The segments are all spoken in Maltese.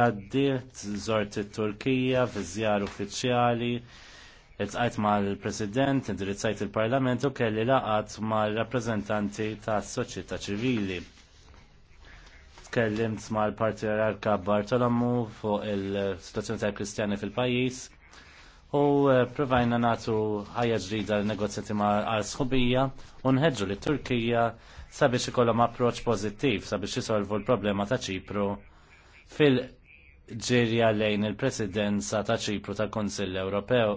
għaddiet, zort il-Turkija, viżjar uffiċjali, ma mal-President, indirizzajt il-Parlament u kelli laqat mal-rappresentanti ta' soċjetà ċivili. Tkellimt mal partijarka Bartolomu fuq il-situazzjoni ta' kristjani fil-pajis u eh, provajna natu ħajja ġrida l-negozjati mal sħubija u nħedġu li Turkija sabiex ikollhom approċ pożittiv sabiex jisolvu l-problema ta' Ċipru fil- ġirja lejn il-presidenza ta' ċipru tal kunsill Ewropew.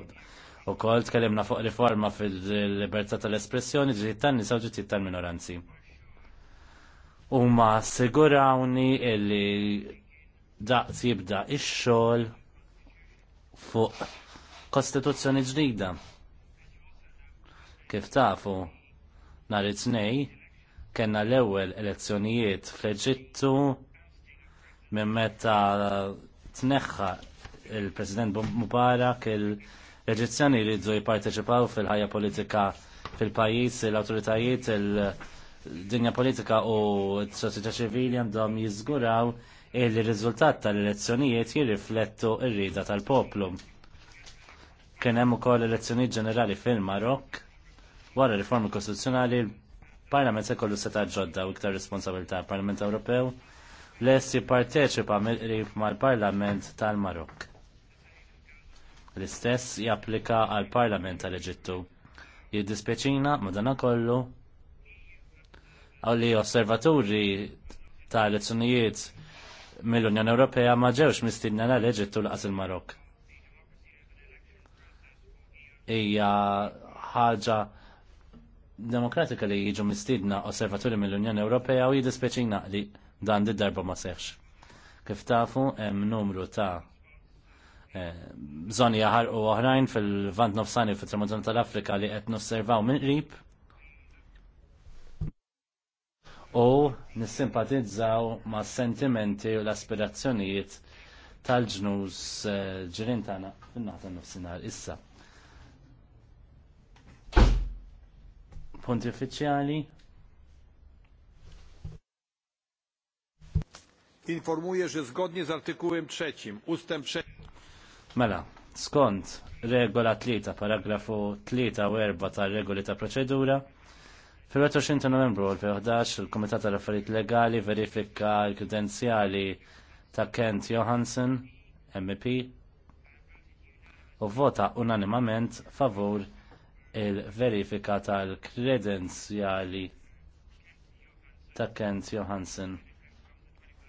U kol tkellimna fuq riforma fil-libertà tal-espressjoni ġiet tan-nisa u ġiet tal-minoranzi. Huma assigurawni li daqs jibda ix-xogħol fuq kostituzzjoni ġdida. Kif tafu, nhar it tnejn kellna l-ewwel elezzjonijiet fl-Eġittu minn meta tneħħa il-President Mubarak il-Eġizzjani li jidżu jiparteċipaw fil-ħajja politika fil-pajis, l-autoritajiet, il-dinja politika u s sosieta ċivili għandhom jiżguraw il riżultat tal-elezzjonijiet jirriflettu r-rida tal-poplu. Kien hemm ukoll elezzjonijiet ġenerali fil-Marokk wara riformi kostituzzjonali il-Parlament se kollu seta' ġodda u iktar responsabilità. Il-Parlament Ewropew lessi parteċipa mill-qrib mal-Parlament tal-Marokk. L-istess japplika għall parlament tal-Eġittu. Jiddispeċina madanakollu li osservaturi tal elezzjonijiet mill-Unjoni Ewropea ma ġewx mistinna l-Eġittu laqas il marok Hija ħaġa demokratika li jiġu mistidna osservaturi mill-Unjoni Ewropea u jiddispeċina li dan di darba ma seħx. Kif tafu, hemm numru ta' bżoni eh, jaħar u oħrajn fil-vant nofsani fil-tramutan tal-Afrika li qed nosservaw minn qrib u nissimpatizzaw ma' sentimenti u l-aspirazzjonijiet tal-ġnus eh, ġirin tagħna fin-naħta nofsinhar issa. Punti uffiċjali Informuję, że zgodnie z artykułem 3 ustęp 3... Mela, skont regola tlita, paragrafu tlita u erba ta' regoli ta' proċedura, fil-20 novembru 2011 il-Komitat tal-Affarijiet Legali verifika l-kredenzjali ta' Kent Johansen, MEP, u vota unanimament favur il-verifika tal-kredenzjali ta' Kent Johansen.